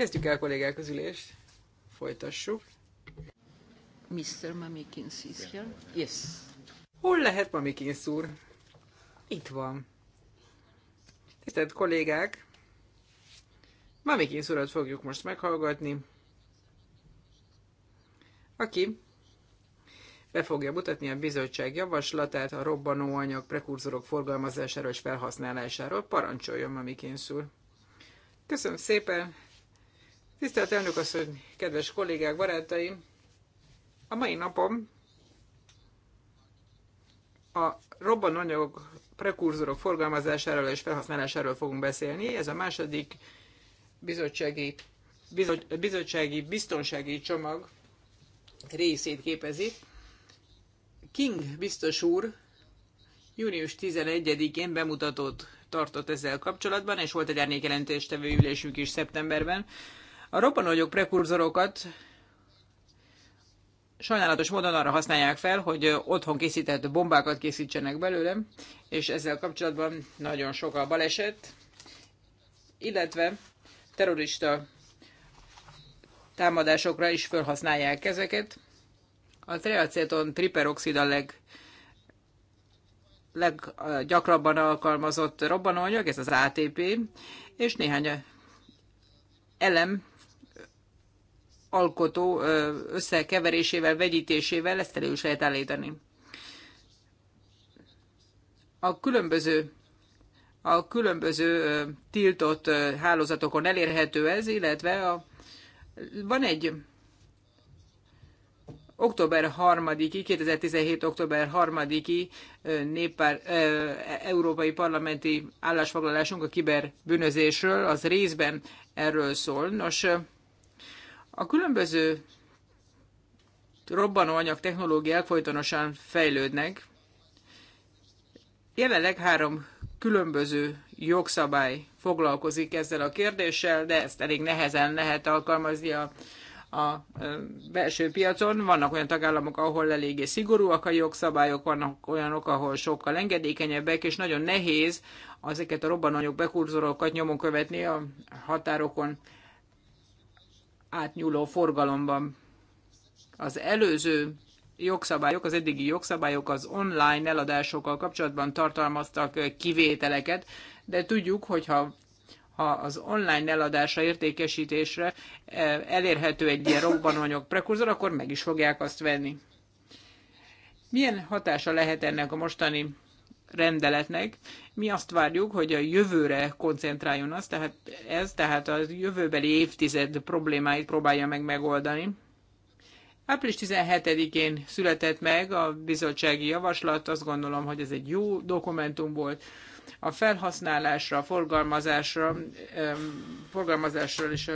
Kezdjük el kollégák az ülést. Folytassuk. Mr. Mamikins is here. Yes. Hol lehet Mamikins úr? Itt van. Tisztelt kollégák, Mamikins urat fogjuk most meghallgatni, aki be fogja mutatni a bizottság javaslatát a robbanóanyag prekurzorok forgalmazásáról és felhasználásáról. Parancsoljon, Mamikins úr! Köszönöm szépen, Tisztelt elnök asszony, kedves kollégák, barátaim! A mai napom a robbananyag prekurzorok forgalmazásáról és felhasználásáról fogunk beszélni. Ez a második bizottsági, bizot, bizottsági biztonsági csomag részét képezi. King biztos úr június 11-én bemutatót tartott ezzel kapcsolatban, és volt egy árnyékjelentéstevő ülésünk is szeptemberben. A robbanóanyag prekurzorokat sajnálatos módon arra használják fel, hogy otthon készített bombákat készítsenek belőle, és ezzel kapcsolatban nagyon sok a baleset, illetve terrorista támadásokra is felhasználják ezeket. A triaceton triperoxid a leg, leggyakrabban alkalmazott robbanóanyag, ez az ATP, és néhány elem alkotó összekeverésével, vegyítésével ezt elő is lehet állítani. A különböző a különböző tiltott hálózatokon elérhető ez, illetve a, van egy október 3-i, 2017. október 3-i néppár, európai parlamenti állásfoglalásunk a kiberbűnözésről, az részben erről szól. Nos, a különböző robbanóanyag technológiák folytonosan fejlődnek. Jelenleg három különböző jogszabály foglalkozik ezzel a kérdéssel, de ezt elég nehezen lehet alkalmazni a, a belső piacon. Vannak olyan tagállamok, ahol eléggé szigorúak a jogszabályok, vannak olyanok, ahol sokkal engedékenyebbek, és nagyon nehéz ezeket a robbanóanyag bekurzorokat nyomon követni a határokon átnyúló forgalomban. Az előző jogszabályok, az eddigi jogszabályok az online eladásokkal kapcsolatban tartalmaztak kivételeket, de tudjuk, hogyha ha az online eladásra, értékesítésre elérhető egy ilyen robbanóanyag prekurzor, akkor meg is fogják azt venni. Milyen hatása lehet ennek a mostani rendeletnek. Mi azt várjuk, hogy a jövőre koncentráljon az, tehát ez, tehát a jövőbeli évtized problémáit próbálja meg megoldani. Április 17-én született meg a bizottsági javaslat, azt gondolom, hogy ez egy jó dokumentum volt. A felhasználásra, a forgalmazásra, forgalmazásról és a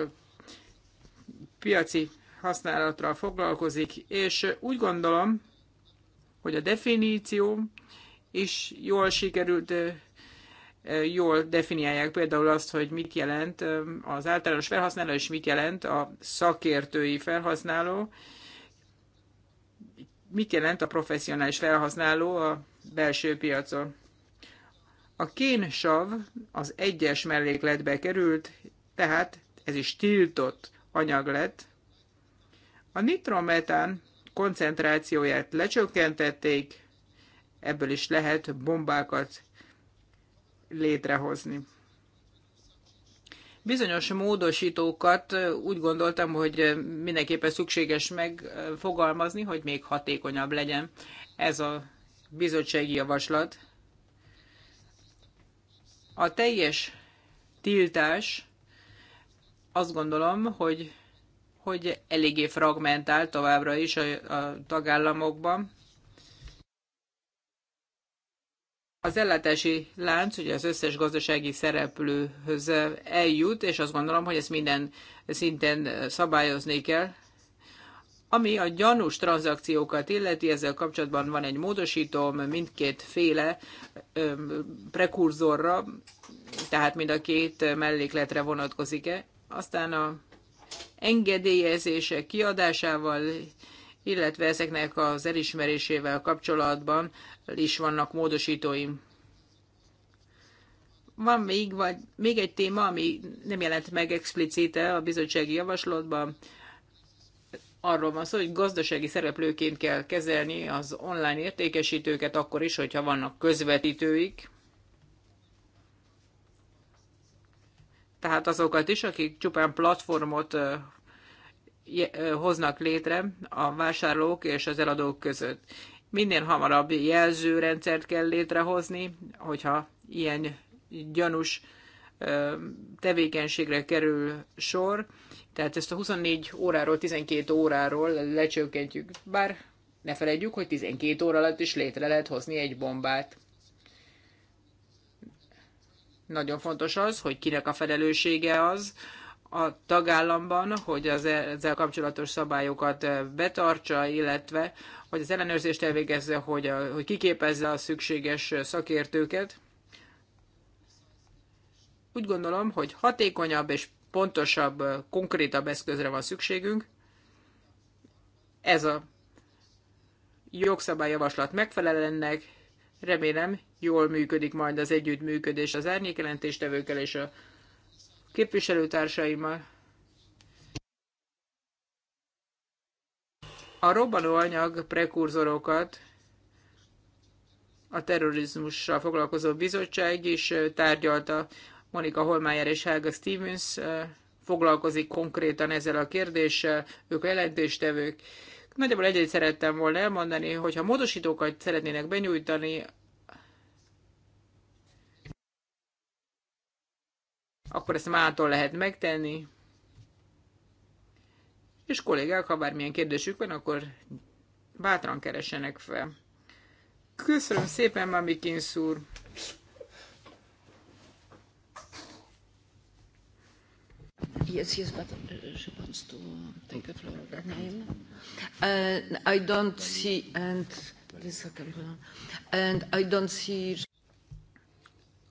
piaci használatra foglalkozik, és úgy gondolom, hogy a definíció és jól sikerült, jól definiálják például azt, hogy mit jelent az általános felhasználó, és mit jelent a szakértői felhasználó, mit jelent a professzionális felhasználó a belső piacon. A kénsav az egyes mellékletbe került, tehát ez is tiltott anyag lett. A nitrometán koncentrációját lecsökkentették, ebből is lehet bombákat létrehozni. Bizonyos módosítókat úgy gondoltam, hogy mindenképpen szükséges megfogalmazni, hogy még hatékonyabb legyen ez a bizottsági javaslat. A teljes tiltás azt gondolom, hogy, hogy eléggé fragmentál továbbra is a, a tagállamokban. az ellátási lánc ugye az összes gazdasági szereplőhöz eljut, és azt gondolom, hogy ezt minden szinten szabályozni kell. Ami a gyanús tranzakciókat illeti, ezzel kapcsolatban van egy módosítóm mindkét féle prekurzorra, tehát mind a két mellékletre vonatkozik-e. Aztán a engedélyezések kiadásával illetve ezeknek az elismerésével kapcsolatban is vannak módosítóim. Van még, vagy még egy téma, ami nem jelent meg explicite a bizottsági javaslatban. Arról van szó, hogy gazdasági szereplőként kell kezelni az online értékesítőket akkor is, hogyha vannak közvetítőik. Tehát azokat is, akik csupán platformot hoznak létre a vásárlók és az eladók között. Minél hamarabb jelzőrendszert kell létrehozni, hogyha ilyen gyanús tevékenységre kerül sor, tehát ezt a 24 óráról, 12 óráról lecsökkentjük, bár ne felejtjük, hogy 12 óra alatt is létre lehet hozni egy bombát. Nagyon fontos az, hogy kinek a felelőssége az, a tagállamban, hogy az e- ezzel kapcsolatos szabályokat betartsa, illetve hogy az ellenőrzést elvégezze, hogy, a, hogy kiképezze a szükséges szakértőket. Úgy gondolom, hogy hatékonyabb és pontosabb, konkrétabb eszközre van szükségünk. Ez a jogszabályjavaslat megfelel ennek, remélem jól működik majd az együttműködés az árnyékelentéstevőkkel és a képviselőtársaimmal. A robbanóanyag prekurzorokat a terrorizmussal foglalkozó bizottság is tárgyalta. Monika Holmeyer és Helga Stevens foglalkozik konkrétan ezzel a kérdéssel, ők a jelentéstevők. Nagyjából egyet szerettem volna elmondani, hogy ha módosítókat szeretnének benyújtani akkor ezt mától lehet megtenni. És kollégák, ha bármilyen kérdésük van, akkor bátran keresenek fel. Köszönöm szépen, mami Kinszúr! Yes, yes, but uh, she wants to take a floor Uh, I don't see, and this and I don't see.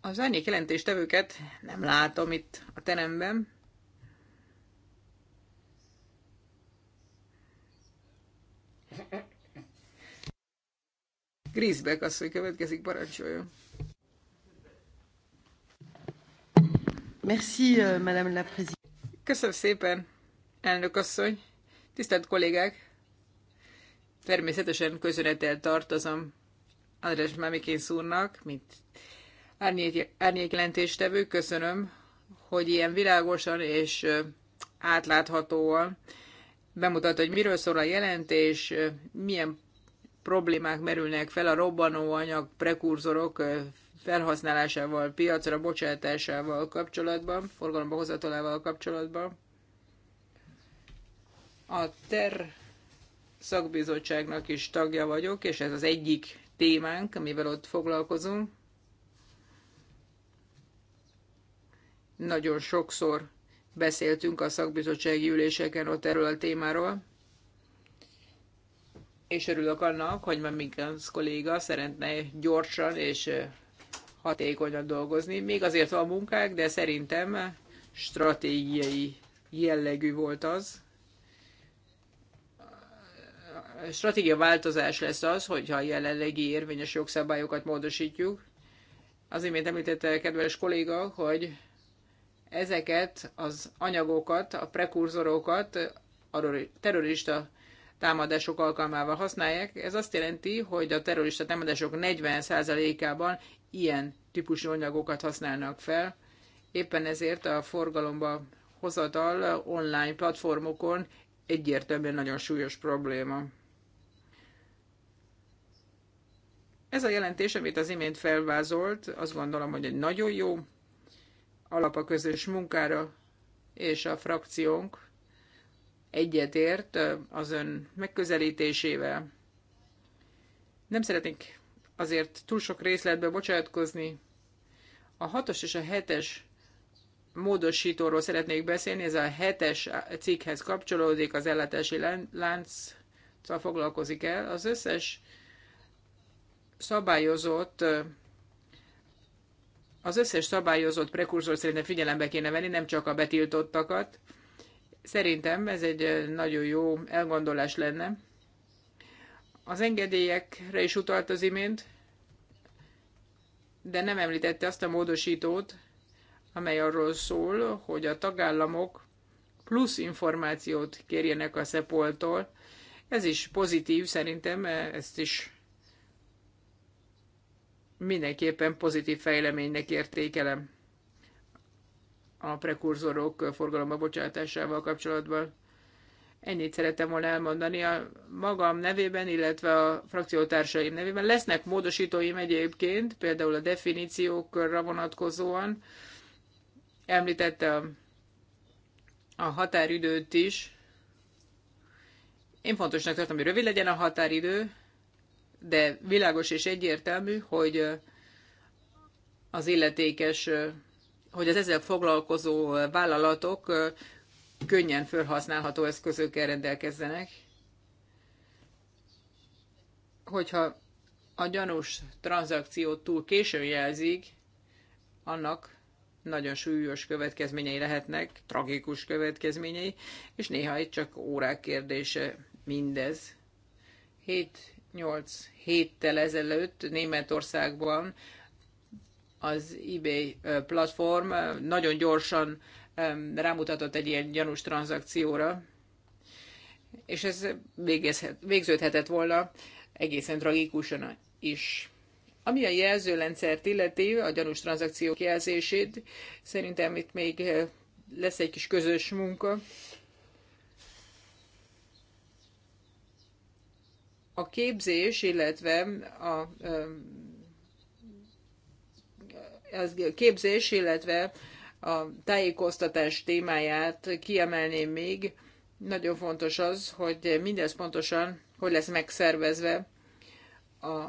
Az árnyék jelentéstevőket nem látom itt a teremben. Grisbeck hogy következik, parancsoljon. Merci, euh, Madame la Présidente. Köszönöm szépen, elnök asszony. Tisztelt kollégák! Természetesen közönetel tartozom András Mamikén szúrnak, mint jelentéstevő, köszönöm, hogy ilyen világosan és átláthatóan bemutat, hogy miről szól a jelentés, milyen problémák merülnek fel a robbanóanyag prekurzorok felhasználásával, piacra bocsátásával kapcsolatban, forgalomba hozatalával kapcsolatban. A TER szakbizottságnak is tagja vagyok, és ez az egyik témánk, amivel ott foglalkozunk. Nagyon sokszor beszéltünk a szakbizottsági üléseken ott erről a témáról, és örülök annak, hogy Mamikans kolléga szeretne gyorsan és hatékonyan dolgozni. Még azért van munkák, de szerintem stratégiai jellegű volt az. A stratégia változás lesz az, hogyha a jelenlegi érvényes jogszabályokat módosítjuk. Az imént említette a kedves kolléga, hogy ezeket az anyagokat, a prekurzorokat a terrorista támadások alkalmával használják. Ez azt jelenti, hogy a terrorista támadások 40%-ában ilyen típusú anyagokat használnak fel. Éppen ezért a forgalomba hozatal online platformokon egyértelműen nagyon súlyos probléma. Ez a jelentés, amit az imént felvázolt, azt gondolom, hogy egy nagyon jó alap a közös munkára, és a frakciónk egyetért az ön megközelítésével. Nem szeretnék azért túl sok részletbe bocsátkozni. A hatos és a hetes módosítóról szeretnék beszélni, ez a hetes cikkhez kapcsolódik, az ellátási lánc foglalkozik el. Az összes szabályozott az összes szabályozott prekurzor szerintem figyelembe kéne venni, nem csak a betiltottakat. Szerintem ez egy nagyon jó elgondolás lenne. Az engedélyekre is utalt az imént, de nem említette azt a módosítót, amely arról szól, hogy a tagállamok plusz információt kérjenek a szepoltól. Ez is pozitív, szerintem e, ezt is mindenképpen pozitív fejleménynek értékelem a prekurzorok forgalomba bocsátásával kapcsolatban. Ennyit szeretem volna elmondani a magam nevében, illetve a frakciótársaim nevében. Lesznek módosítóim egyébként, például a definíciókra vonatkozóan. Említette a, a határidőt is. Én fontosnak tartom, hogy rövid legyen a határidő, de világos és egyértelmű, hogy az illetékes, hogy az ezzel foglalkozó vállalatok könnyen felhasználható eszközökkel rendelkezzenek. Hogyha a gyanús tranzakciót túl későn jelzik, annak nagyon súlyos következményei lehetnek, tragikus következményei, és néha itt csak órák kérdése mindez. Hét 8 héttel ezelőtt Németországban az eBay platform nagyon gyorsan rámutatott egy ilyen gyanús tranzakcióra, és ez végződhetett volna egészen tragikusan is. Ami a jelzőrendszert illeti, a gyanús tranzakciók jelzését, szerintem itt még lesz egy kis közös munka, a képzés, illetve a a képzés, illetve a tájékoztatás témáját kiemelném még. Nagyon fontos az, hogy mindez pontosan hogy lesz megszervezve a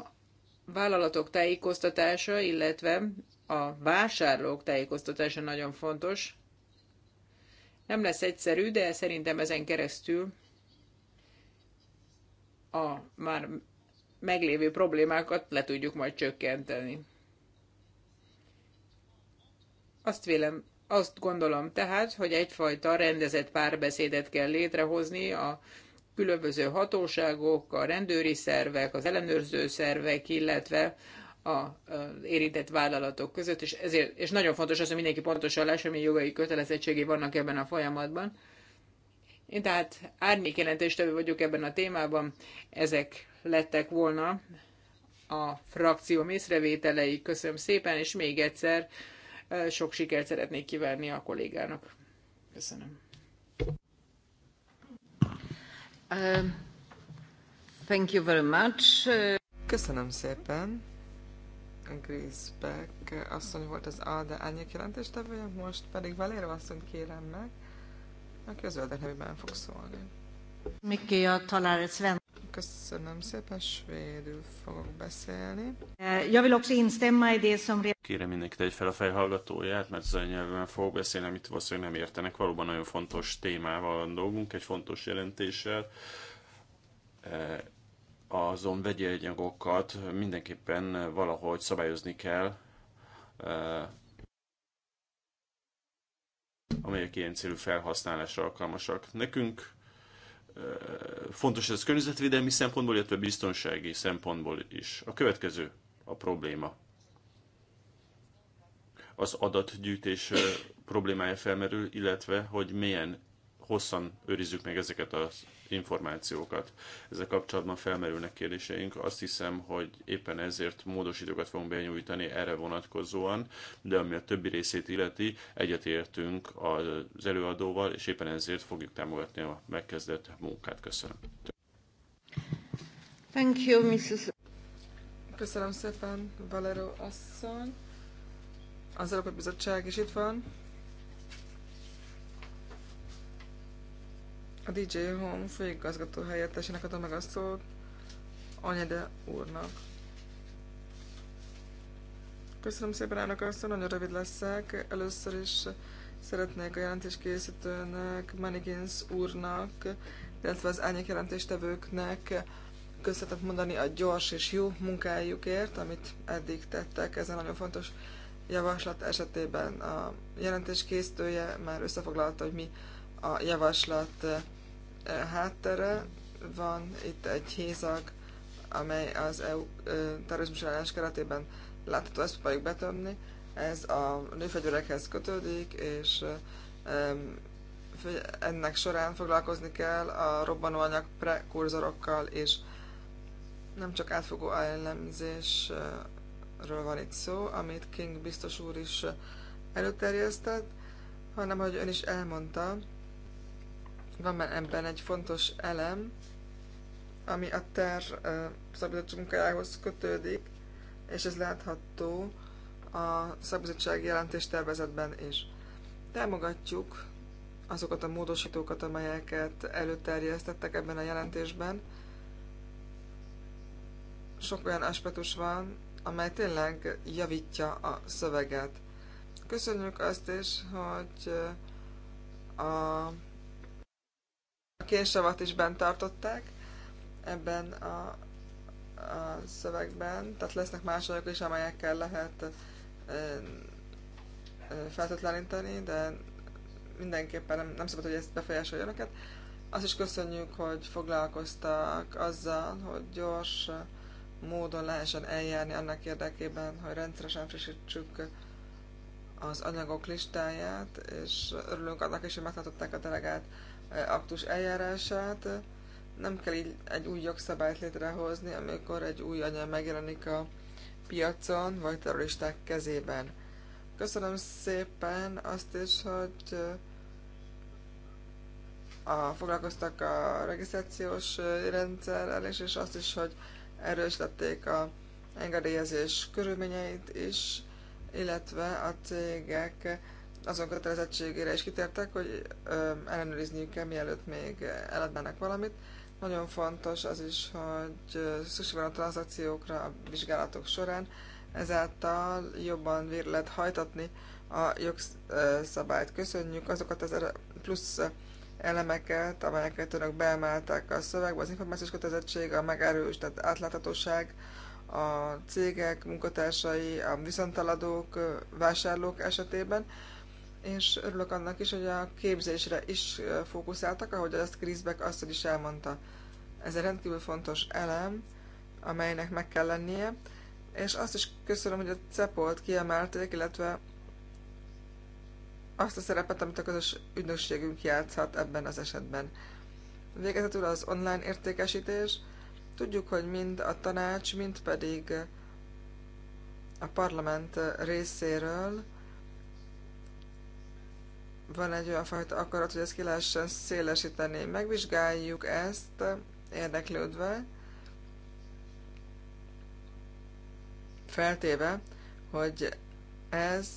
vállalatok tájékoztatása, illetve a vásárlók tájékoztatása nagyon fontos. Nem lesz egyszerű, de szerintem ezen keresztül a már meglévő problémákat le tudjuk majd csökkenteni. Azt vélem, azt gondolom tehát, hogy egyfajta rendezett párbeszédet kell létrehozni a különböző hatóságok, a rendőri szervek, az ellenőrző szervek, illetve az érintett vállalatok között, és, ezért, és nagyon fontos az, hogy mindenki pontosan lássa, milyen jogai kötelezettségei vannak ebben a folyamatban. Én tehát árnyék jelentéstevő vagyok ebben a témában. Ezek lettek volna a frakció észrevételei. Köszönöm szépen, és még egyszer sok sikert szeretnék kívánni a kollégának. Köszönöm. Uh, thank you very much. Köszönöm szépen. Beck asszony volt az ALDE árnyék jelentéstevője, most pedig Valéra asszony kérem meg aki a zöldek nevében fog szólni. Miki a talár Sven. Köszönöm szépen, svédül fogok beszélni. E, Javilok vill också instämma i det som... Kérem mindenkit egy fel a fejhallgatóját, mert az nyelven fogok beszélni, amit valószínűleg nem értenek. Valóban nagyon fontos témával van dolgunk, egy fontos jelentéssel. E, azon vegyi anyagokat mindenképpen valahogy szabályozni kell, e, amelyek ilyen célú felhasználásra alkalmasak. Nekünk fontos ez környezetvédelmi szempontból, illetve biztonsági szempontból is. A következő a probléma. Az adatgyűjtés problémája felmerül, illetve hogy milyen hosszan őrizzük meg ezeket az információkat. Ezzel kapcsolatban felmerülnek kérdéseink. Azt hiszem, hogy éppen ezért módosítókat fogunk benyújtani erre vonatkozóan, de ami a többi részét illeti, egyetértünk az előadóval, és éppen ezért fogjuk támogatni a megkezdett munkát. Köszönöm. Thank you, Mrs. Köszönöm szépen, Valero asszony. Az Európai Bizottság is itt van. A DJ Home főigazgató helyettesének adom meg a szót Anyede úrnak. Köszönöm szépen, elnök asszony, nagyon rövid leszek. Először is szeretnék a jelentéskészítőnek, Manigins úrnak, illetve az árnyék jelentéstevőknek köszönetet mondani a gyors és jó munkájukért, amit eddig tettek ezen nagyon fontos javaslat esetében. A jelentéskészítője már összefoglalta, hogy mi a javaslat háttere. Van itt egy hézag, amely az EU terrorizmus ellenes keretében látható, ezt próbáljuk betömni. Ez a nőfegyverekhez kötődik, és ennek során foglalkozni kell a robbanóanyag prekurzorokkal, és nem csak átfogó ellenzésről van itt szó, amit King biztos úr is előterjesztett, hanem, hogy ön is elmondta, van már ebben egy fontos elem, ami a ter szabadság munkájához kötődik, és ez látható a szabadsági jelentés tervezetben is. Támogatjuk azokat a módosítókat, amelyeket előterjesztettek ebben a jelentésben. Sok olyan aspektus van, amely tényleg javítja a szöveget. Köszönjük azt is, hogy a a kérsavat is bent tartották ebben a, a szövegben, tehát lesznek más is, amelyekkel lehet feltétleníteni, de mindenképpen nem, nem szabad, hogy ezt befolyásolja önöket. Azt is köszönjük, hogy foglalkoztak azzal, hogy gyors módon lehessen eljárni annak érdekében, hogy rendszeresen frissítsük az anyagok listáját, és örülünk annak is, hogy megtartották a delegát aktus eljárását. Nem kell így egy új jogszabályt létrehozni, amikor egy új anya megjelenik a piacon, vagy terroristák kezében. Köszönöm szépen azt is, hogy eh, a, foglalkoztak a regisztrációs eh, rendszerrel is, és azt is, hogy erősítették a engedélyezés körülményeit is, illetve a cégek azon kötelezettségére is kitértek, hogy ellenőrizniük kell, mielőtt még eladnának valamit. Nagyon fontos az is, hogy szükség van a tranzakciókra a vizsgálatok során, ezáltal jobban végre lehet hajtatni a jogszabályt. Köszönjük azokat az er- plusz elemeket, amelyeket önök beemelték a szövegbe, az információs kötelezettség, a tehát átláthatóság, a cégek, munkatársai, a viszontaladók, vásárlók esetében, és örülök annak is, hogy a képzésre is fókuszáltak, ahogy azt Chris Beck azt is elmondta. Ez egy rendkívül fontos elem, amelynek meg kell lennie, és azt is köszönöm, hogy a Cepolt kiemelték, illetve azt a szerepet, amit a közös ügynökségünk játszhat ebben az esetben. Végezetül az online értékesítés. Tudjuk, hogy mind a tanács, mind pedig a parlament részéről van egy olyan fajta akarat, hogy ezt ki lehessen szélesíteni. Megvizsgáljuk ezt érdeklődve, feltéve, hogy ez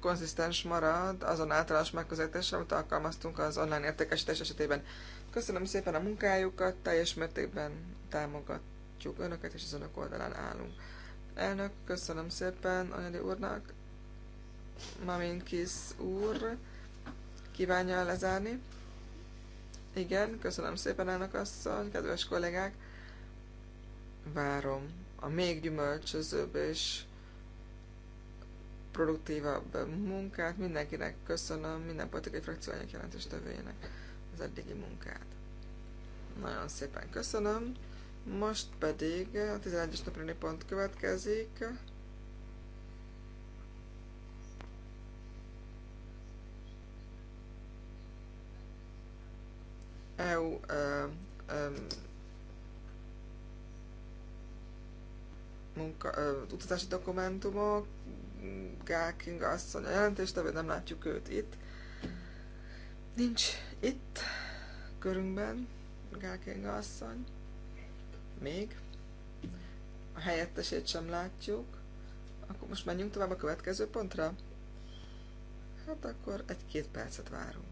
konzisztens marad azon általános megközelítésre, amit alkalmaztunk az online értékesítés esetében. Köszönöm szépen a munkájukat, teljes mértékben támogatjuk önöket, és az önök oldalán állunk. Elnök, köszönöm szépen Anyadi úrnak, Maminkis úr kívánja lezárni. Igen, köszönöm szépen, elnök asszony, kedves kollégák. Várom a még gyümölcsözőbb és produktívabb munkát. Mindenkinek köszönöm, minden politikai jelentős tevőjének az eddigi munkát. Nagyon szépen köszönöm. Most pedig a 11-es napi pont következik. EU ö, utazási dokumentumok, Gáking asszony a jelentéstevő, nem látjuk őt itt. Nincs itt körünkben Gáking asszony. Még. A helyettesét sem látjuk. Akkor most menjünk tovább a következő pontra. Hát akkor egy-két percet várunk.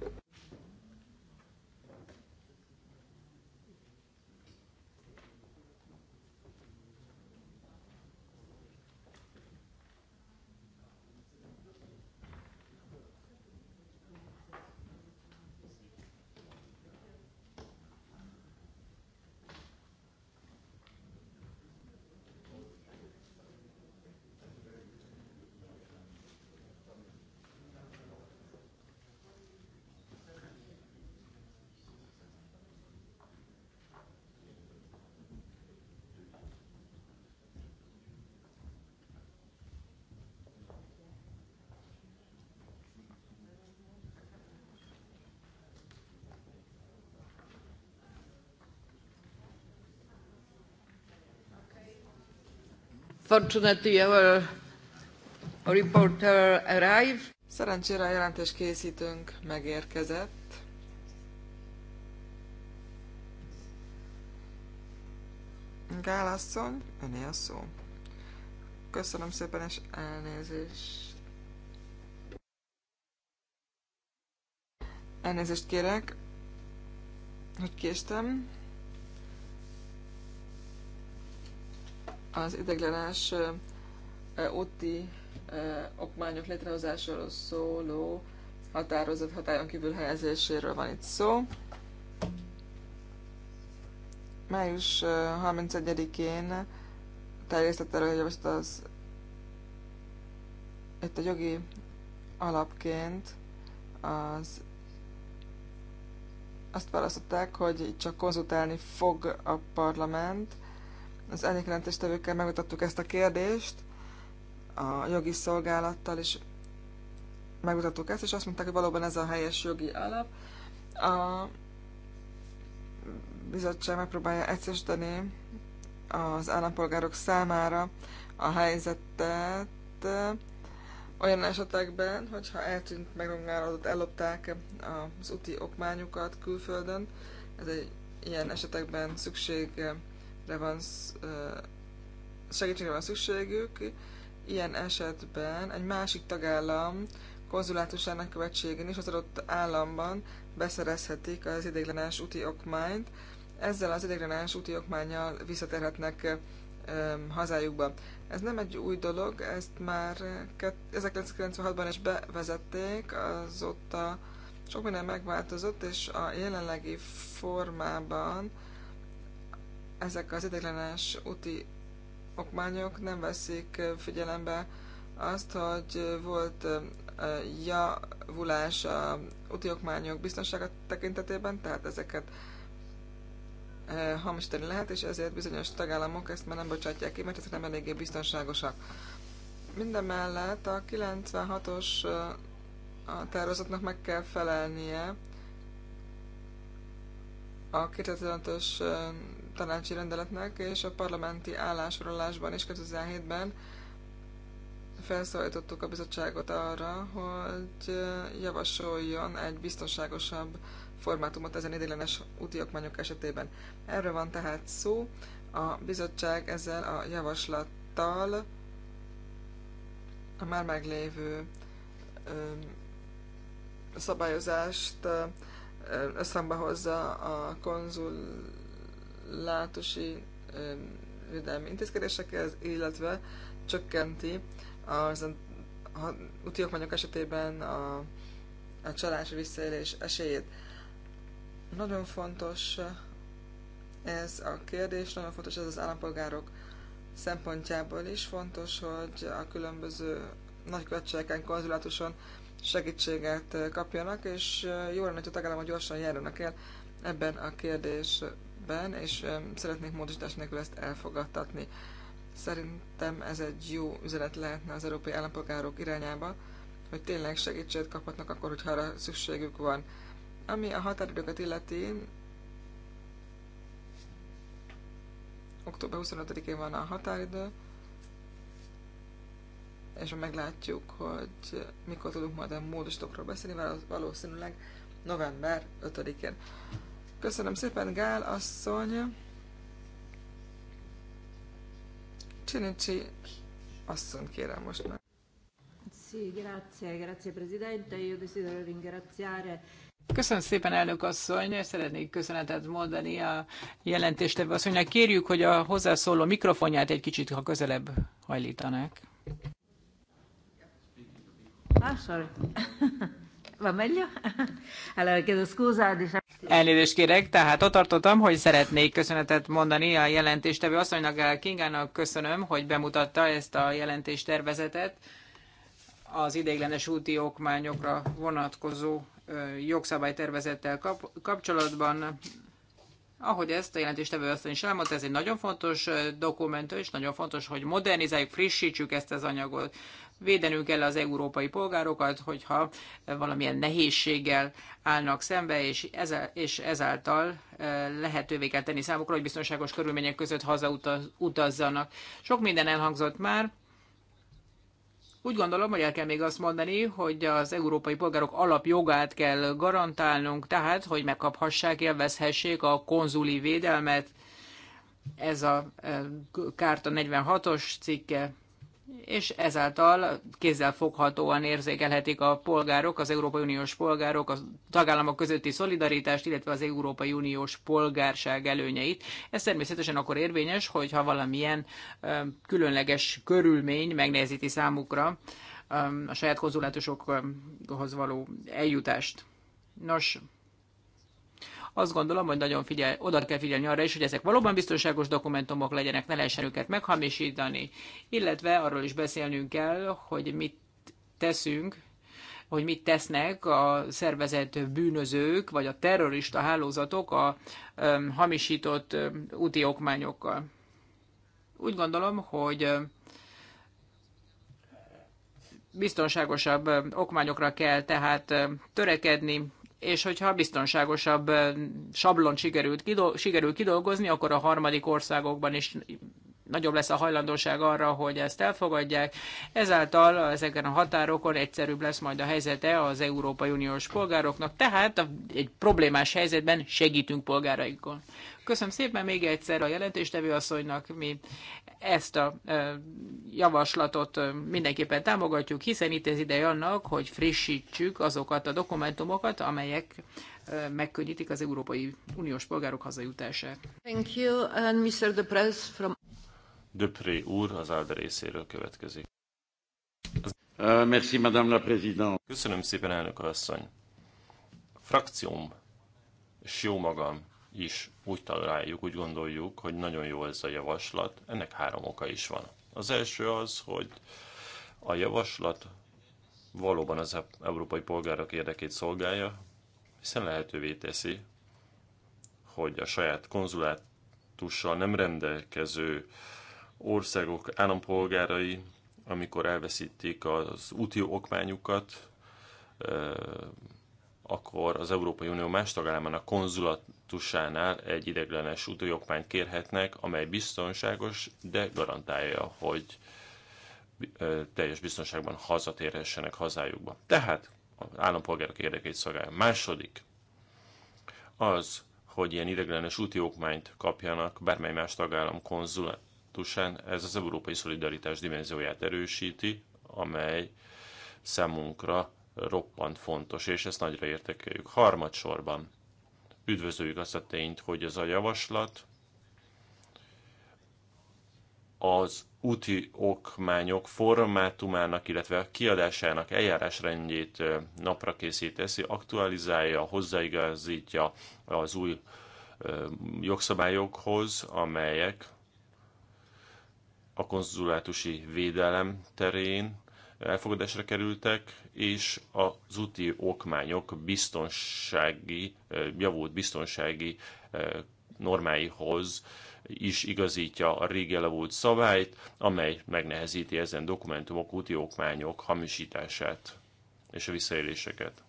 Fortunately, our reporter arrived. Szerencsére a jelentés készítünk megérkezett. Gálasszony, öné a szó. Köszönöm szépen, és elnézést. Elnézést kérek, hogy késtem. az ideglenes otti okmányok létrehozásáról szóló határozat hatályon kívül helyezéséről van itt szó. Május 31-én terjesztett erről most az itt a jogi alapként az azt választották, hogy csak konzultálni fog a parlament, az elégjelentéstevőkkel megmutattuk ezt a kérdést, a jogi szolgálattal is megmutattuk ezt, és azt mondták, hogy valóban ez a helyes jogi alap. A bizottság megpróbálja egyszerűsíteni az állampolgárok számára a helyzetet olyan esetekben, hogyha eltűnt, megrongálódott, ellopták az úti okmányukat külföldön, ez egy ilyen esetekben szükség segítségre van, segítségre van szükségük, ilyen esetben egy másik tagállam konzulátusának követségén is az adott államban beszerezhetik az ideiglenes úti okmányt. Ezzel az ideiglenes úti okmányjal visszatérhetnek hazájukba. Ez nem egy új dolog, ezt már 1996-ban is bevezették, azóta sok minden megváltozott, és a jelenlegi formában ezek az ideiglenes úti okmányok nem veszik figyelembe azt, hogy volt javulás a úti okmányok biztonsága tekintetében, tehát ezeket hamisítani lehet, és ezért bizonyos tagállamok ezt már nem bocsátják ki, mert ezek nem eléggé biztonságosak. Mindemellett a 96-os a tervezetnek meg kell felelnie a 2005 ös tanácsi rendeletnek, és a parlamenti állásorolásban is 2007 ben felszólítottuk a bizottságot arra, hogy javasoljon egy biztonságosabb formátumot ezen idéglenes úti okmányok esetében. Erről van tehát szó. A bizottság ezzel a javaslattal a már meglévő szabályozást összhangba hozza a konzul látosi védelmi intézkedésekhez, illetve csökkenti az úti okmányok esetében a, a csalás visszaélés esélyét. Nagyon fontos ez a kérdés, nagyon fontos ez az állampolgárok szempontjából is. Fontos, hogy a különböző nagykövetségeken, konzulátuson segítséget kapjanak, és jó lenne, hogy a tagállamok gyorsan járjanak el ebben a kérdésben ben és szeretnék módosítás nélkül ezt elfogadtatni. Szerintem ez egy jó üzenet lehetne az európai állampolgárok irányába, hogy tényleg segítséget kaphatnak akkor, hogyha arra szükségük van. Ami a határidőket illeti, október 25-én van a határidő, és meglátjuk, hogy mikor tudunk majd a módosítókról beszélni, valószínűleg november 5-én. Köszönöm szépen, Gál asszony. Csinicsi asszony, kérem most már. Sì, grazie, grazie Presidente. Io desidero ringraziare Köszönöm szépen, elnök asszony. Szeretnék köszönetet mondani a jelentéstevő asszonynak. Kérjük, hogy a hozzászóló mikrofonját egy kicsit, ha közelebb hajlítanák. Ah, sorry. Van meglio? Allora chiedo scusa. Elnézést kérek, tehát ott tartottam, hogy szeretnék köszönetet mondani a jelentéstevő asszonynak, Kingának köszönöm, hogy bemutatta ezt a jelentéstervezetet az ideiglenes úti okmányokra vonatkozó jogszabálytervezettel kap- kapcsolatban. Ahogy ezt a jelentéstevő asszony is elmondta, ez egy nagyon fontos dokumentum, és nagyon fontos, hogy modernizáljuk, frissítsük ezt az anyagot. Védenünk kell az európai polgárokat, hogyha valamilyen nehézséggel állnak szembe, és, ez, és ezáltal e, lehetővé kell tenni számukra, hogy biztonságos körülmények között hazautazzanak. Sok minden elhangzott már, úgy gondolom, hogy el kell még azt mondani, hogy az európai polgárok alapjogát kell garantálnunk, tehát, hogy megkaphassák, élvezhessék a konzuli védelmet. Ez a e, kárta 46-os cikke és ezáltal foghatóan érzékelhetik a polgárok, az Európai Uniós polgárok, a tagállamok közötti szolidaritást, illetve az Európai Uniós polgárság előnyeit. Ez természetesen akkor érvényes, hogyha valamilyen különleges körülmény megnehezíti számukra a saját konzulátusokhoz való eljutást. Nos, azt gondolom, hogy nagyon figyel, oda kell figyelni arra is, hogy ezek valóban biztonságos dokumentumok legyenek, ne lehessen őket meghamisítani, illetve arról is beszélnünk kell, hogy mit teszünk, hogy mit tesznek a szervezett bűnözők, vagy a terrorista hálózatok a um, hamisított um, úti okmányokkal. Úgy gondolom, hogy um, biztonságosabb okmányokra kell tehát törekedni, és hogyha biztonságosabb sablon sikerült, kidol- sikerül kidolgozni, akkor a harmadik országokban is nagyobb lesz a hajlandóság arra, hogy ezt elfogadják. Ezáltal ezeken a határokon egyszerűbb lesz majd a helyzete az Európai Uniós polgároknak, tehát egy problémás helyzetben segítünk polgárainkon. Köszönöm szépen még egyszer a jelentéstevő asszonynak, mi ezt a javaslatot mindenképpen támogatjuk, hiszen itt ez ideje annak, hogy frissítsük azokat a dokumentumokat, amelyek megkönnyítik az Európai Uniós polgárok hazajutását. Thank you, and Mr. Deprez from... Depré úr az ALDE részéről következik. Uh, merci, Madame la Présidente. Köszönöm szépen, elnök asszony. Frakcióm és jó magam is úgy találjuk, úgy gondoljuk, hogy nagyon jó ez a javaslat. Ennek három oka is van. Az első az, hogy a javaslat valóban az európai polgárok érdekét szolgálja, hiszen lehetővé teszi, hogy a saját konzulátussal nem rendelkező országok állampolgárai, amikor elveszítik az úti okmányukat, akkor az Európai Unió más a konzulatusánál egy ideglenes utójogmányt kérhetnek, amely biztonságos, de garantálja, hogy teljes biztonságban hazatérhessenek hazájukba. Tehát az állampolgárok érdekét szolgálja. Második az, hogy ilyen ideglenes úti okmányt kapjanak bármely más tagállam konzulatusán, ez az európai szolidaritás dimenzióját erősíti, amely számunkra roppant fontos, és ezt nagyra értékeljük. Harmadsorban üdvözöljük azt a tényt, hogy ez a javaslat az úti okmányok formátumának, illetve a kiadásának eljárásrendjét napra készíteszi, aktualizálja, hozzáigazítja az új jogszabályokhoz, amelyek a konzulátusi védelem terén elfogadásra kerültek, és az úti okmányok biztonsági, javult biztonsági normáihoz is igazítja a régi elavult szabályt, amely megnehezíti ezen dokumentumok, úti okmányok hamisítását és a visszaéléseket.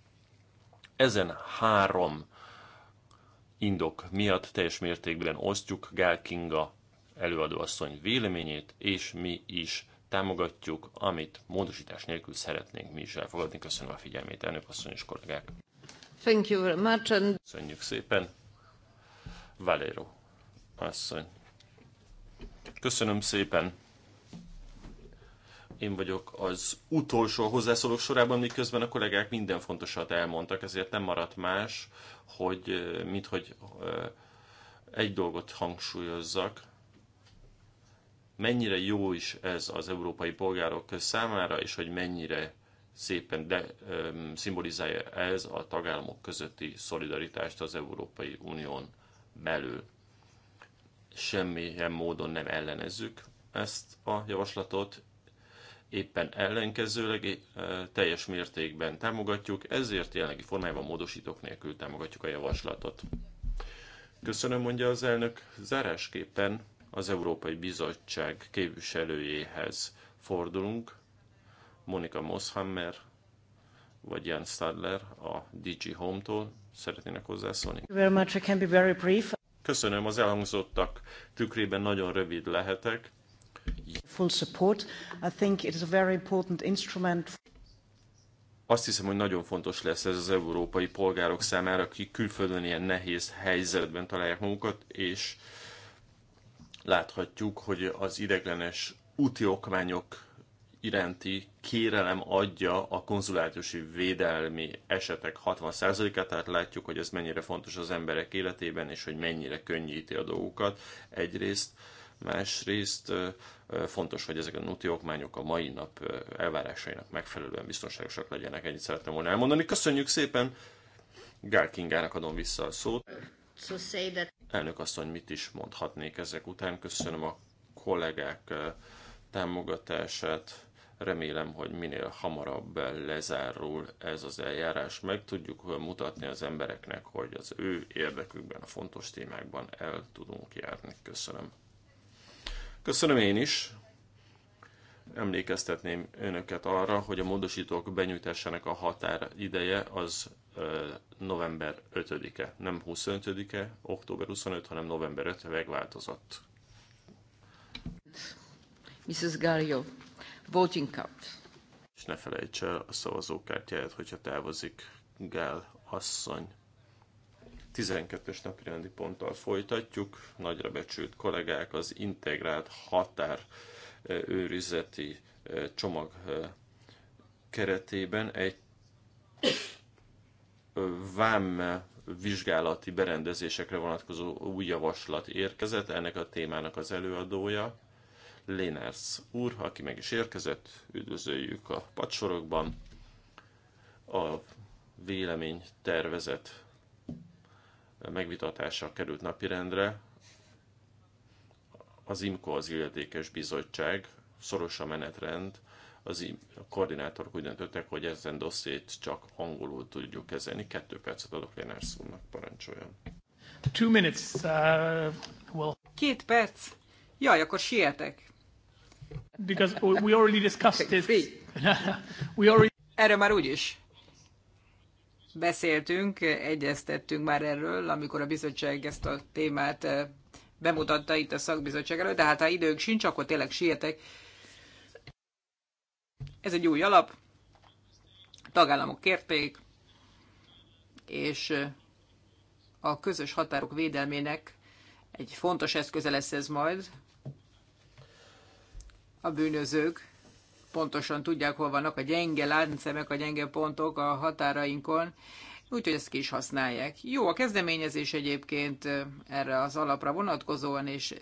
Ezen három indok miatt teljes mértékben osztjuk Gál Kinga előadóasszony véleményét, és mi is támogatjuk, amit módosítás nélkül szeretnénk mi is elfogadni. Köszönöm a figyelmét, elnök asszony és kollégák. Thank you very much. And... Köszönjük szépen. Valero asszony. Köszönöm szépen. Én vagyok az utolsó hozzászólók sorában, miközben a kollégák minden fontosat elmondtak, ezért nem maradt más, hogy eh, mit, hogy eh, egy dolgot hangsúlyozzak, mennyire jó is ez az európai polgárok számára, és hogy mennyire szépen de, um, szimbolizálja ez a tagállamok közötti szolidaritást az Európai Unión belül. Semmilyen módon nem ellenezzük ezt a javaslatot, éppen ellenkezőleg teljes mértékben támogatjuk, ezért jelenlegi formájában módosítók nélkül támogatjuk a javaslatot. Köszönöm, mondja az elnök. Zárásképpen az Európai Bizottság képviselőjéhez fordulunk, Monika Moshammer vagy Jan Stadler a DG Home-tól. Szeretnének hozzászólni? Very much. can be very brief. Köszönöm, az elhangzottak tükrében nagyon rövid lehetek. Full support. I think it is a very important instrument. Azt hiszem, hogy nagyon fontos lesz ez az európai polgárok számára, akik külföldön ilyen nehéz helyzetben találják magukat, és láthatjuk, hogy az ideglenes úti okmányok iránti kérelem adja a konzulátusi védelmi esetek 60%-át, tehát látjuk, hogy ez mennyire fontos az emberek életében, és hogy mennyire könnyíti a dolgokat egyrészt. Másrészt fontos, hogy ezek a nuti okmányok a mai nap elvárásainak megfelelően biztonságosak legyenek. Ennyit szerettem volna elmondani. Köszönjük szépen! Gál Kingának adom vissza a szót. Elnök asszony, mit is mondhatnék ezek után? Köszönöm a kollégák eh, támogatását. Remélem, hogy minél hamarabb lezárul ez az eljárás. Meg tudjuk eh, mutatni az embereknek, hogy az ő érdekükben, a fontos témákban el tudunk járni. Köszönöm. Köszönöm én is. Emlékeztetném önöket arra, hogy a módosítók benyújtásának a határ ideje az november 5-e, nem 25-e, október 25, hanem november 5 -e megváltozott. Mrs. Gario, voting card. És ne felejts el a szavazókártyáját, hogyha távozik Gál asszony. 12-es napirendi ponttal folytatjuk. Nagyra becsült kollégák, az integrált határ őrizeti csomag keretében egy vám vizsgálati berendezésekre vonatkozó új javaslat érkezett, ennek a témának az előadója, Lénársz úr, aki meg is érkezett, üdvözöljük a padsorokban. A vélemény tervezet megvitatása került napirendre. Az IMCO az illetékes bizottság, szoros a menetrend, az a koordinátorok úgy döntöttek, hogy ezen dossziét csak angolul tudjuk kezelni. Kettő percet adok Lénárs úrnak, parancsoljon. Two minutes, uh, well. Két perc? Jaj, akkor sietek. Because we already discussed this. we already... Erről már úgyis beszéltünk, egyeztettünk már erről, amikor a bizottság ezt a témát eh, bemutatta itt a szakbizottság előtt, de hát ha időnk sincs, akkor tényleg sietek. Ez egy új alap, tagállamok kérték, és a közös határok védelmének egy fontos eszköze lesz ez majd. A bűnözők pontosan tudják, hol vannak a gyenge láncemek, a gyenge pontok a határainkon, úgyhogy ezt ki is használják. Jó, a kezdeményezés egyébként erre az alapra vonatkozóan, és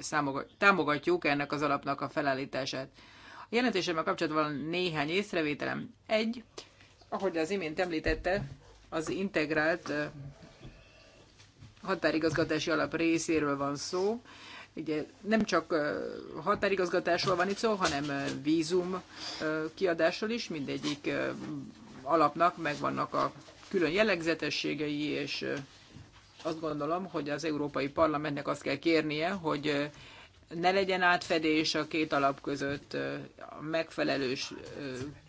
támogatjuk ennek az alapnak a felállítását. A jelentésemmel kapcsolatban néhány észrevételem. Egy, ahogy az imént említette, az integrált határigazgatási alap részéről van szó. Ugye nem csak határigazgatásról van itt szó, hanem vízum kiadásról is, mindegyik alapnak megvannak a külön jellegzetességei, és azt gondolom, hogy az Európai Parlamentnek azt kell kérnie, hogy ne legyen átfedés a két alap között, a megfelelős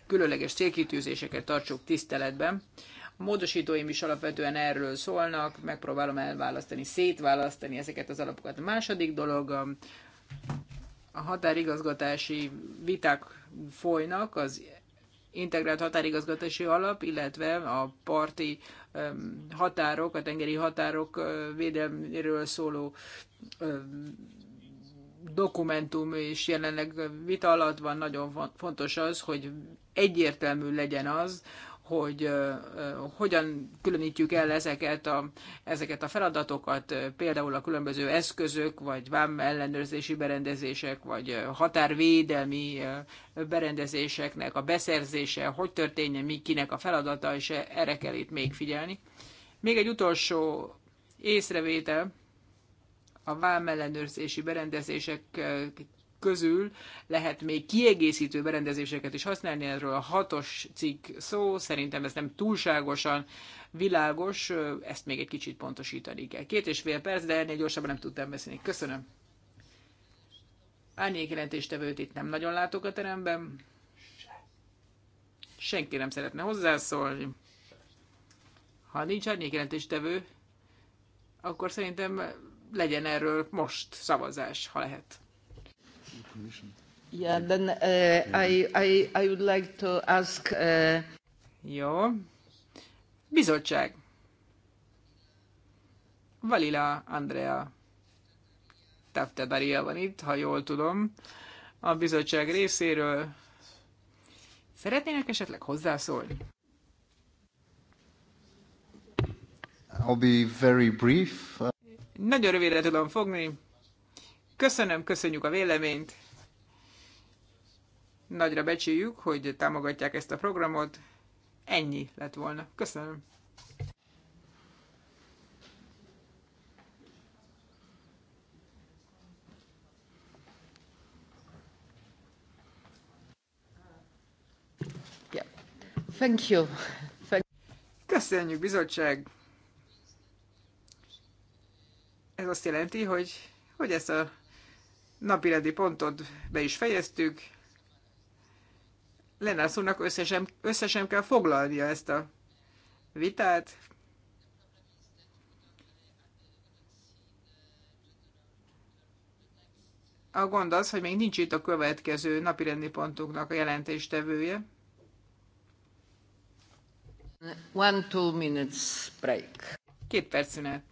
különleges célkitűzéseket tartsuk tiszteletben. A módosítóim is alapvetően erről szólnak, megpróbálom elválasztani, szétválasztani ezeket az alapokat. A második dolog, a határigazgatási viták folynak, az integrált határigazgatási alap, illetve a parti határok, a tengeri határok védelméről szóló dokumentum is jelenleg vita alatt van, nagyon fontos az, hogy egyértelmű legyen az, hogy uh, hogyan különítjük el ezeket a, ezeket a feladatokat, például a különböző eszközök, vagy vám ellenőrzési berendezések, vagy határvédelmi berendezéseknek a beszerzése, hogy történjen, mi kinek a feladata, és erre kell itt még figyelni. Még egy utolsó észrevétel, a vámellenőrzési berendezések eh, közül lehet még kiegészítő berendezéseket is használni, erről a hatos cikk szó, szerintem ez nem túlságosan világos, eh, ezt még egy kicsit pontosítani kell. Két és fél perc, de ennél gyorsabban nem tudtam beszélni. Köszönöm. Árnyék jelentéstevőt itt nem nagyon látok a teremben. Senki nem szeretne hozzászólni. Ha nincs árnyék jelentéstevő, akkor szerintem legyen erről most szavazás, ha lehet. Yeah, then uh, I, I, I would like to ask... Uh... Jó. Bizottság. Valila Andrea Daria van itt, ha jól tudom, a bizottság részéről. Szeretnének esetleg hozzászólni? I'll be very brief. Uh... Nagyon rövidre tudom fogni. Köszönöm, köszönjük a véleményt. Nagyra becsüljük, hogy támogatják ezt a programot. Ennyi lett volna. Köszönöm. Thank you. Thank Köszönjük, bizottság! Ez azt jelenti, hogy, hogy ezt a napirendi pontot be is fejeztük. Lennász úrnak összesen, összesen kell foglalnia ezt a vitát. A gond az, hogy még nincs itt a következő napirendi pontunknak a jelentéstevője. One, two minutes break. Két perc szünet.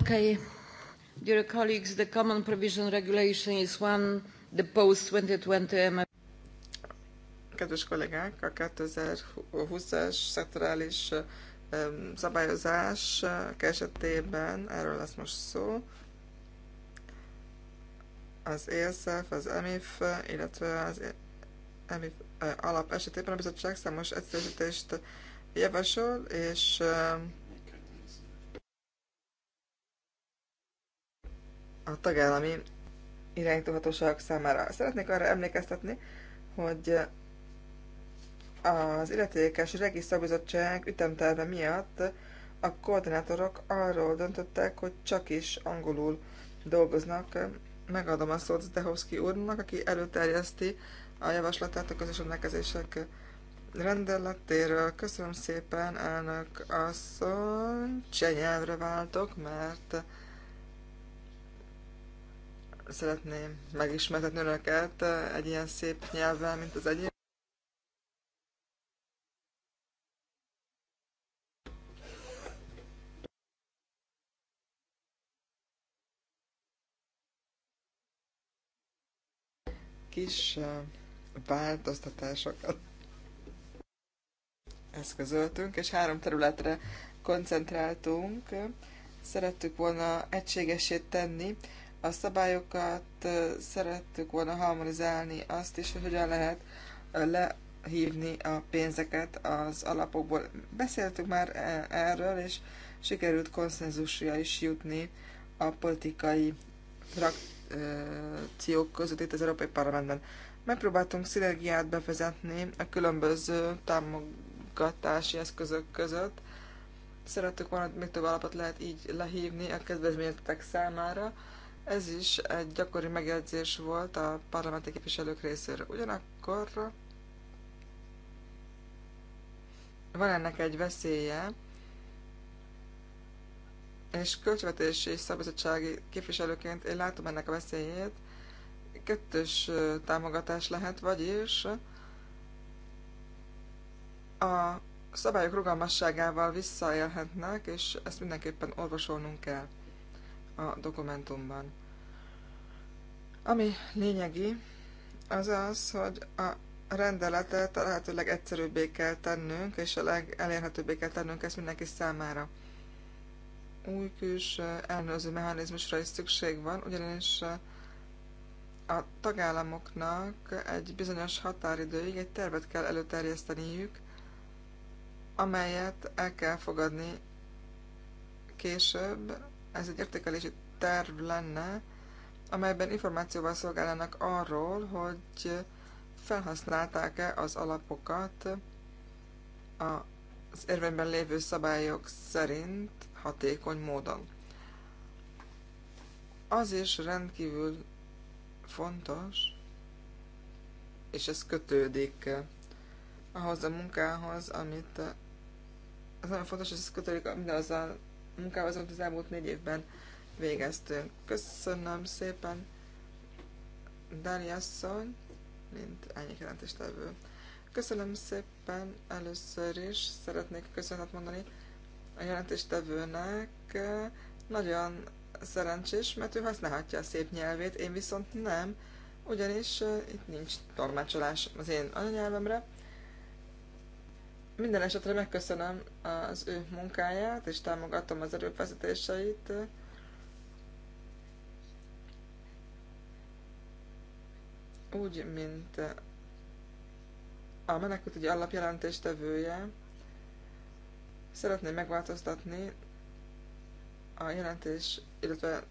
Okay. Dear colleagues, the Common Provision Regulation is one, the post 2020 Kedves kollégák, a 2020-as szektorális szabályozás eh, esetében erről lesz most szó. Az ESF, az EMIF, illetve az EMIF eh, alap esetében a bizottság számos egyszerűsítést javasol, és a tagállami irányítóhatóságok számára. Szeretnék arra emlékeztetni, hogy az illetékes regi szakbizottság ütemterve miatt a koordinátorok arról döntöttek, hogy csak is angolul dolgoznak. Megadom a szót Zdehovszki úrnak, aki előterjeszti a javaslatát a közös rendelkezések rendeletéről. Köszönöm szépen, elnök asszony. Csenyelvre váltok, mert szeretném megismertetni önöket eh, egy ilyen szép nyelvvel, mint az egyik. Kis eh, változtatásokat eszközöltünk, és három területre koncentráltunk. Szerettük volna egységesét tenni a szabályokat, szerettük volna harmonizálni azt is, hogy hogyan lehet lehívni a pénzeket az alapokból. Beszéltük már e, erről, és sikerült konszenzusra is jutni a politikai frakciók között itt az Európai Parlamentben. Megpróbáltunk szinergiát bevezetni a különböző támogatási eszközök között. Szerettük volna, hogy még több alapot lehet így lehívni a kedvezményetek számára ez is egy gyakori megjegyzés volt a parlamenti képviselők részéről. Ugyanakkor van ennek egy veszélye, és költségvetési és szabadsági képviselőként én látom ennek a veszélyét, kettős támogatás lehet, vagyis a szabályok rugalmasságával visszaélhetnek, és ezt mindenképpen orvosolnunk kell a dokumentumban. Ami lényegi, az az, hogy a rendeletet a lehető legegyszerűbbé kell tennünk, és a legelérhetőbbé kell tennünk ezt mindenki számára. Új külső elnőző mechanizmusra is szükség van, ugyanis a tagállamoknak egy bizonyos határidőig egy tervet kell előterjeszteniük, amelyet el kell fogadni később, ez egy értékelési terv lenne, amelyben információval szolgálnának arról, hogy felhasználták-e az alapokat az érvényben lévő szabályok szerint hatékony módon. Az is rendkívül fontos, és ez kötődik ahhoz a munkához, amit az nagyon fontos, hogy ez kötődik mindazzal, a munkához, amit az elmúlt négy évben végeztünk. Köszönöm szépen, Dali mint ennyi elvő. Köszönöm szépen először is, szeretnék köszönet mondani a jelentéstevőnek. Nagyon szerencsés, mert ő használhatja a szép nyelvét, én viszont nem, ugyanis eh, itt nincs tormácsolás az én anyanyelvemre, minden esetre megköszönöm az ő munkáját, és támogatom az erőfeszítéseit. Úgy, mint a alapjelentés tevője, szeretném megváltoztatni a jelentés, illetve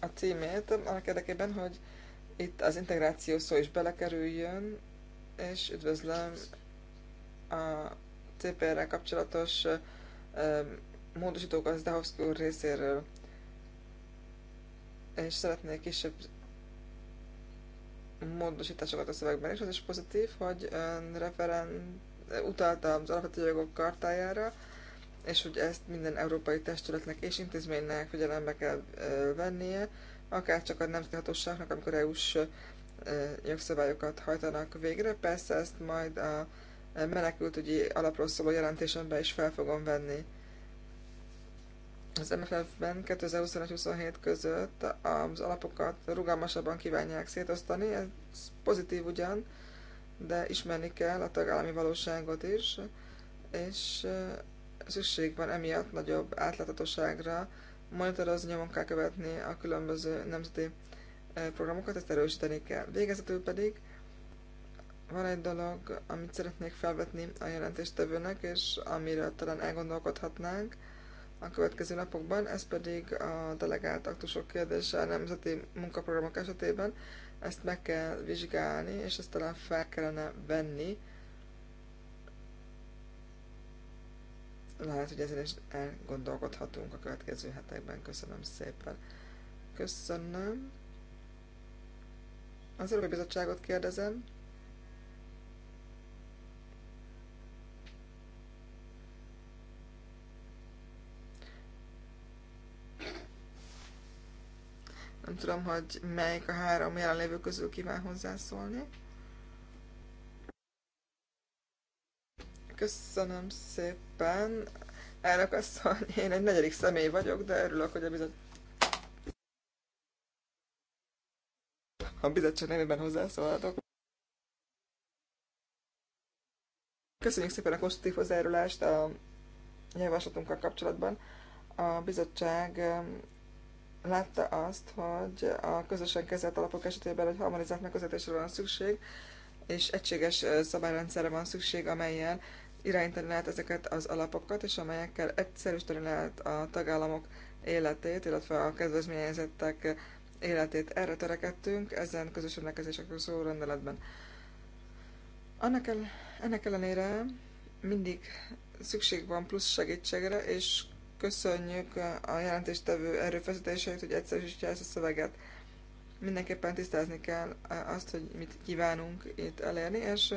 a címét, annak érdekében, hogy itt az integráció szó is belekerüljön, és üdvözlöm a cpr re kapcsolatos módosítók az Dehovszki úr részéről. És szeretnék kisebb módosításokat a szövegben is. Az is pozitív, hogy referent utalta az alapvető jogok kartájára, és hogy ezt minden európai testületnek és intézménynek figyelembe kell vennie, akár csak a nemzeti hatóságnak, amikor EU-s jogszabályokat hajtanak végre. Persze ezt majd a menekültügyi alapról szóló jelentésembe is fel fogom venni. Az MFF-ben 2021-27 között az alapokat rugalmasabban kívánják szétosztani, ez pozitív ugyan, de ismerni kell a tagállami valóságot is, és eh, szükség van emiatt nagyobb átláthatóságra, monitorozni, nyomon kell követni a különböző nemzeti eh, programokat, ezt erősíteni kell. Végezetül pedig van egy dolog, amit szeretnék felvetni a jelentéstevőnek, és amiről talán elgondolkodhatnánk a következő napokban, ez pedig a delegált aktusok kérdése a nemzeti munkaprogramok esetében. Ezt meg kell vizsgálni, és ezt talán fel kellene venni. Lehet, hogy ezen is elgondolkodhatunk a következő hetekben. Köszönöm szépen. Köszönöm. Az Európai Bizottságot kérdezem. Nem tudom, hogy melyik a három jelenlévő közül kíván hozzászólni. Köszönöm szépen. Elnök asszony, én egy negyedik személy vagyok, de örülök, hogy a bizat A bizottság nevében hozzászólhatok. Köszönjük szépen a konstruktív hozzájárulást a javaslatunkkal kapcsolatban. A bizottság látta azt, hogy a közösen kezelt alapok esetében egy harmonizált megközelítésre van szükség, és egységes szabályrendszerre van szükség, amelyen irányítani lehet ezeket az alapokat, és amelyekkel egyszerűsíteni lehet a tagállamok életét, illetve a kedvezményezettek életét. Erre törekedtünk ezen közös rendelkezésekről szóló rendeletben. Annak el, ennek ellenére mindig szükség van plusz segítségre, és Köszönjük a jelentéstevő erőfeszítéseit, hogy egyszerűsítse ezt a szöveget. Mindenképpen tisztázni kell eh, azt, hogy mit kívánunk itt elérni, és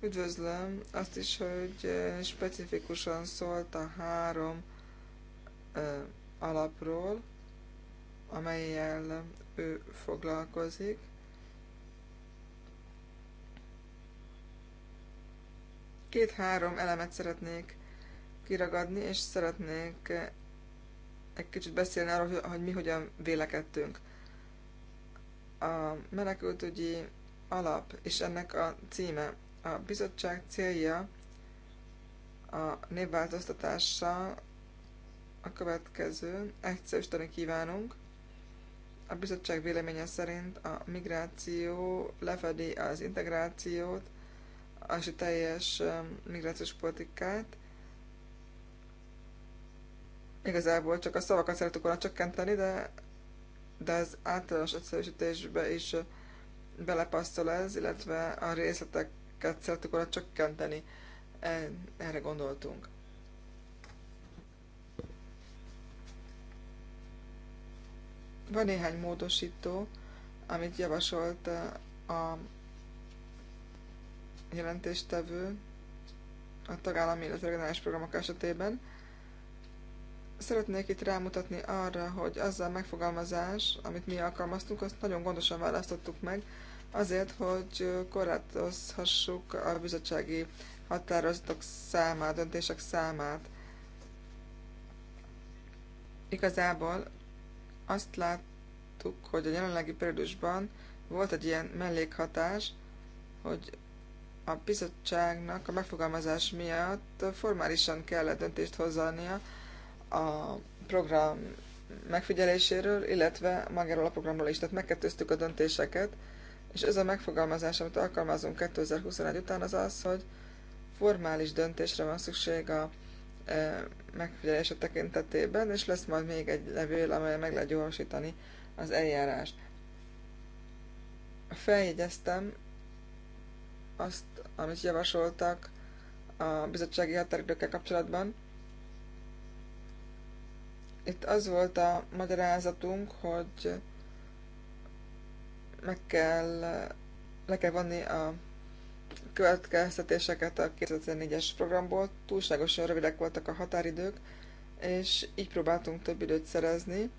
üdvözlöm azt is, hogy eh, specifikusan szólt a három eh, alapról, amelyel ő foglalkozik. Két-három elemet szeretnék kiragadni, és szeretnék eh, egy kicsit beszélni arról, hogy mi hogyan vélekedtünk. A menekültügyi alap, és ennek a címe, a bizottság célja a névváltoztatása a következő, egyszerűsíteni kívánunk. A bizottság véleménye szerint a migráció lefedi az integrációt, és a teljes eh, migrációs politikát, Igazából csak a szavakat szeretük volna csökkenteni, de, de az általános egyszerűsítésbe is belepasszol ez, illetve a részleteket szeretük volna csökkenteni. E, erre gondoltunk. Van néhány módosító, amit javasolt a jelentéstevő a tagállami, illetve regionális programok esetében. Szeretnék itt rámutatni arra, hogy azzal a megfogalmazás, amit mi alkalmaztunk, azt nagyon gondosan választottuk meg, azért, hogy korlátozhassuk a bizottsági határozatok számát, döntések számát. Igazából azt láttuk, hogy a jelenlegi periódusban volt egy ilyen mellékhatás, hogy a bizottságnak a megfogalmazás miatt formálisan kellett döntést hozzania a program megfigyeléséről, illetve magáról a programról is. Tehát megkettőztük a döntéseket, és ez a megfogalmazás, amit alkalmazunk 2021 után, az az, hogy formális döntésre van szükség a e, megfigyelése tekintetében, és lesz majd még egy levél, amely meg lehet gyorsítani az eljárást. Feljegyeztem azt, amit javasoltak a bizottsági határidőkkel kapcsolatban, itt az volt a magyarázatunk, hogy meg kell, le kell vonni a következtetéseket a 2004-es programból, túlságosan rövidek voltak a határidők, és így próbáltunk több időt szerezni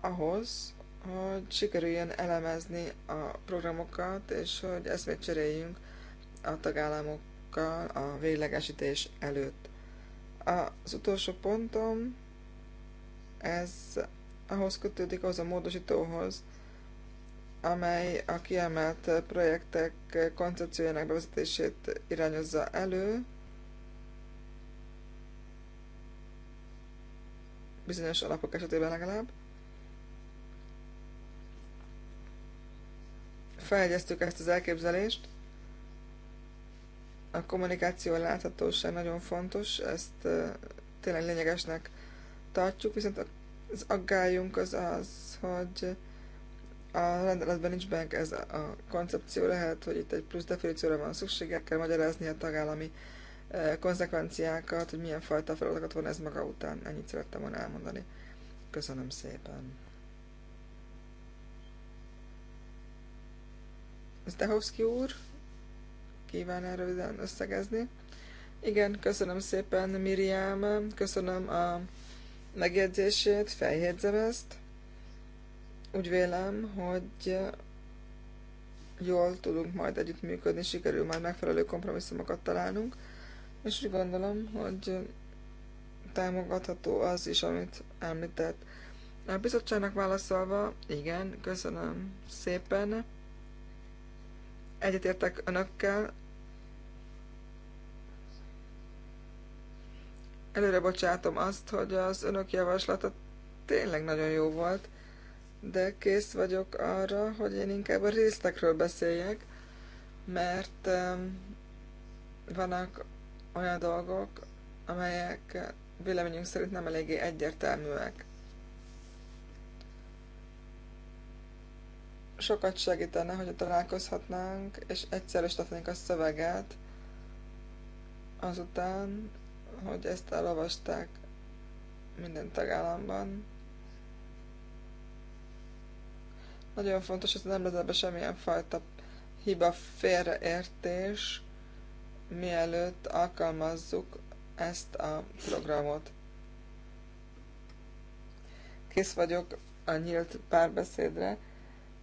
ahhoz, hogy sikerüljön elemezni a programokat, és hogy ezt cseréljünk a tagállamokkal a véglegesítés előtt. Az utolsó pontom, ez ahhoz kötődik, ahhoz a módosítóhoz, amely a kiemelt projektek koncepciójának bevezetését irányozza elő, bizonyos alapok esetében legalább. Feljegyeztük ezt az elképzelést, a kommunikáció láthatóság nagyon fontos, ezt tényleg lényegesnek tartjuk, viszont az aggályunk az az, hogy a rendeletben nincs meg ez a koncepció, lehet, hogy itt egy plusz definícióra van szükség, kell magyarázni a tagállami konzekvenciákat, hogy milyen fajta feladatokat van, ez maga után. Ennyit szerettem volna elmondani. Köszönöm szépen. Zdehovszki úr? kíván röviden összegezni. Igen, köszönöm szépen Miriam, köszönöm a megjegyzését, feljegyzem ezt. Úgy vélem, hogy jól tudunk majd együttműködni, sikerül majd megfelelő kompromisszumokat találnunk, és úgy gondolom, hogy támogatható az is, amit említett. A bizottságnak válaszolva, igen, köszönöm szépen. Egyetértek önökkel. Előre bocsátom azt, hogy az önök javaslata tényleg nagyon jó volt, de kész vagyok arra, hogy én inkább a résztekről beszéljek, mert vannak olyan dolgok, amelyek véleményünk szerint nem eléggé egyértelműek. sokat segítene, hogyha találkozhatnánk, és egyszerűsítenénk a szöveget, azután, hogy ezt elolvasták minden tagállamban. Nagyon fontos, hogy nem lesz semmilyen fajta hiba, félreértés, mielőtt alkalmazzuk ezt a programot. Kész vagyok a nyílt párbeszédre,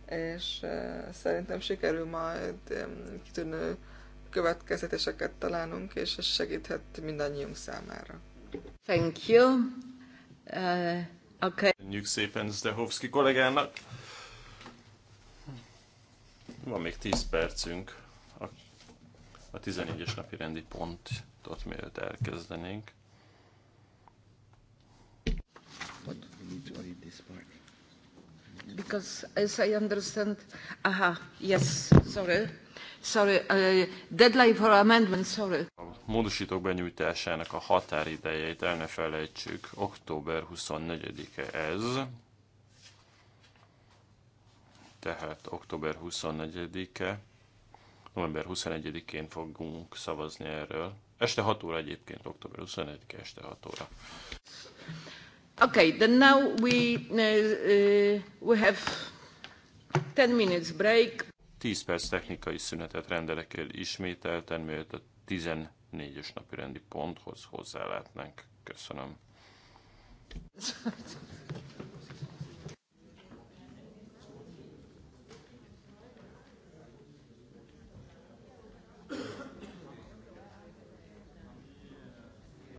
és szerintem sikerül majd kitűnő következetéseket találnunk, és ez segíthet mindannyiunk számára. Thank you. Uh, okay. Köszönjük szépen Zdehovszki kollégának. Van még 10 percünk a, a 14-es napi rendi pontot, mielőtt elkezdenénk. But we need to read this part because as I understand, aha, yes, sorry, sorry, uh, deadline for amendment, sorry. A módosítók benyújtásának a határidejét el ne felejtsük, október 24-e ez, tehát október 24-e, november 21-én fogunk szavazni erről. Este 6 óra egyébként, október 21-e este 6 óra. Okay, perc technikai szünetet rendelek el ismételten, mielőtt a 14-es napi rendi ponthoz hozzálátnánk. Köszönöm.